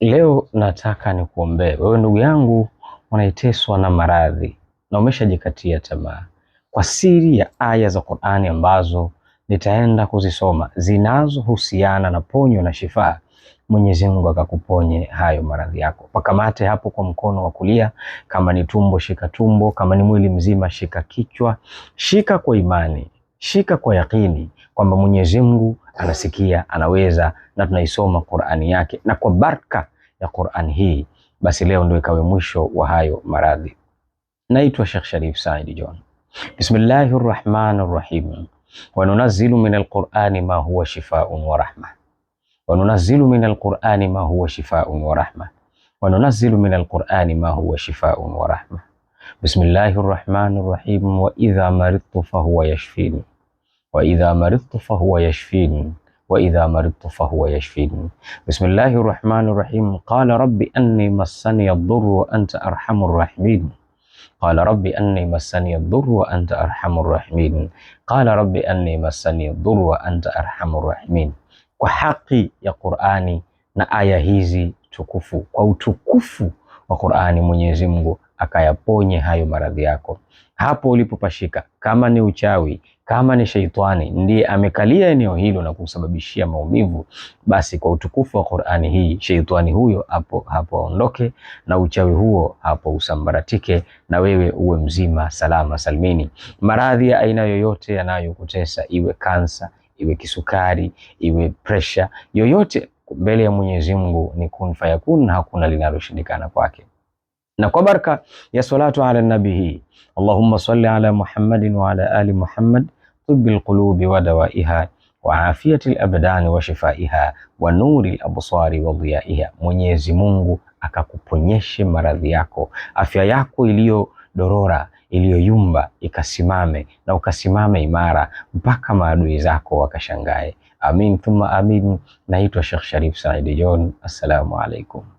Leo nataka nikuombee wewe ndugu yangu unaiteswa na maradhi na umeshajikatia tamaa, kwa siri ya aya za Qur'ani ambazo nitaenda kuzisoma zinazohusiana na ponyo na shifaa. Mwenyezi Mungu akakuponye hayo maradhi yako. Pakamate hapo kwa mkono wa kulia, kama ni tumbo shika tumbo, kama ni mwili mzima shika kichwa. Shika kwa imani, shika kwa yakini kwamba Mwenyezi Mungu anasikia, anaweza na tunaisoma Qur'ani yake, na kwa baraka ya Qur'ani hii basi leo ndio ikawe mwisho wa hayo maradhi. Naitwa Sheikh Sharif Said John. Bismillahir Rahmanir Rahim. Wa nunazzilu minal Qur'ani ma huwa shifaa'un wa rahma. Wa nunazzilu minal Qur'ani ma huwa shifaa'un wa rahma. Wa nunazzilu minal Qur'ani ma huwa shifaa'un wa rahma. Bismillahir Rahmanir Rahim. Wa idha maridtu fa huwa yashfini. وإذا مرضت فهو يشفين وإذا مرضت فهو يشفين بسم الله الرحمن الرحيم قال رب أني مسني الضر وأنت أرحم الراحمين قال رب أني مسني الضر وأنت أرحم الراحمين قال رب أني مسني الضر وأنت أرحم الراحمين وحقي يا قرآني نآيهيزي تكفو أو تكفو wa Qur'ani Mwenyezi Mungu akayaponye hayo maradhi yako. Hapo ulipopashika, kama ni uchawi, kama ni sheitani ndiye amekalia eneo hilo na kusababishia maumivu, basi kwa utukufu wa Qur'ani hii sheitani huyo hapo hapo aondoke na uchawi huo hapo usambaratike, na wewe uwe mzima salama salmini. Maradhi ya aina yoyote yanayokutesa, iwe kansa, iwe kisukari, iwe presha yoyote mbele ya Mwenyezi Mungu ni kun fayakun, hakuna linaloshindikana kwake. Na kwa baraka ya salatu ala nabi Allahumma salli ala Muhammadin wa ala ali Muhammad, tibbil qulubi wa dawaiha wa al abdani wa shifaiha wa al absari wa dhiyaiha. Mwenyezi Mungu akakuponyeshe maradhi yako, afya yako iliyo dorora iliyoyumba ikasimame na ukasimame imara mpaka maadui zako wakashangae. Amin thumma amin. Naitwa Sheikh Sharif saidi John, assalamu alaikum.